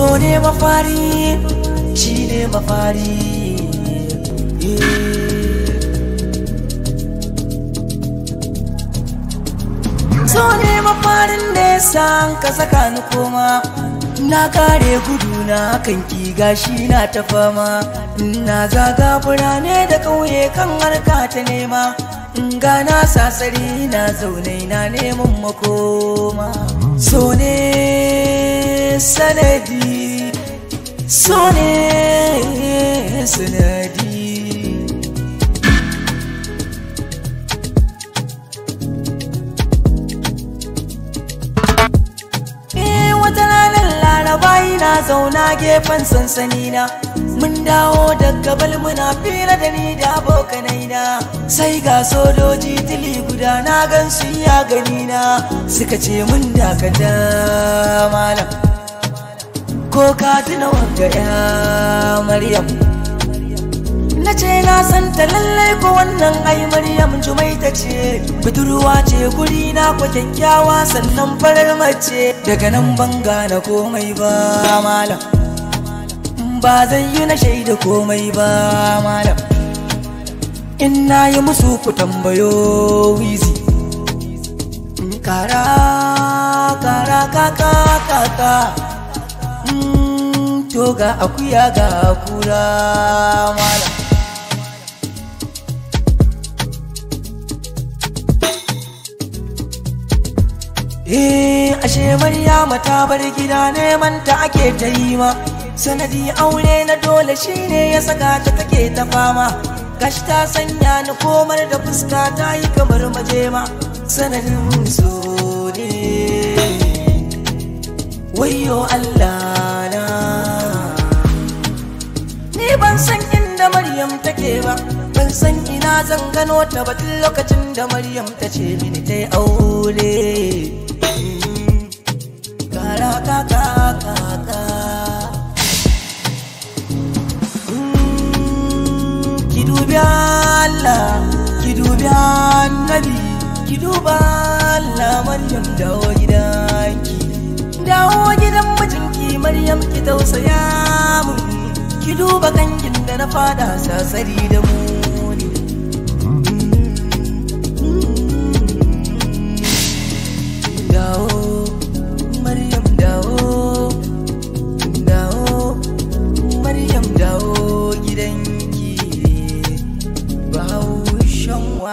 so ne mafari shi ne mafari eh. so ne mafarin nesa ka saka ni koma na kare gudu na kan kiga shi na ta fama na zaga birane da ƙauye kan harka ta nema gana sasari na zaune na neman makoma so ne sanadi so ne sanadi na zauna gefen sansani na mun dawo daga bal muna fira da ni da abokanai na sai ga sojoji tili guda na gan su ya gani na suka ce mun dakata malam ko ka tuna wanga ya maryam santa san lallai ko wannan ai maryam jumaita ce budurwa ce guri na ko kyakkyawa sannan farar mace daga nan ban gane komai ba malam ba zan yi na shaida komai ba malam in na yi musu ku tambayo wizi mm, kara kara kaka kaka mm, to ga akuya ga kura malam Eh, ashe Maryama ta bar gida neman ta ake ta yi ma. Sanadi aure na dole shine ya saka ta take ta fama. Gashi ta sanya ni komar da fuska ta yi kamar majema. Sanadin so ne. Wayo Allah na. Ni ban san inda Maryam take ba. ban san ina zan gano ta ba tun lokacin da maryam ta ce mini ta yi aure mm, ki dubi Allah ki dubi annabi ki duba Allah maryam dawo gidanki dawo gidan mijinki maryam ki tausaya ki duba kankin da na fada sasari da mu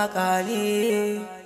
Bakali.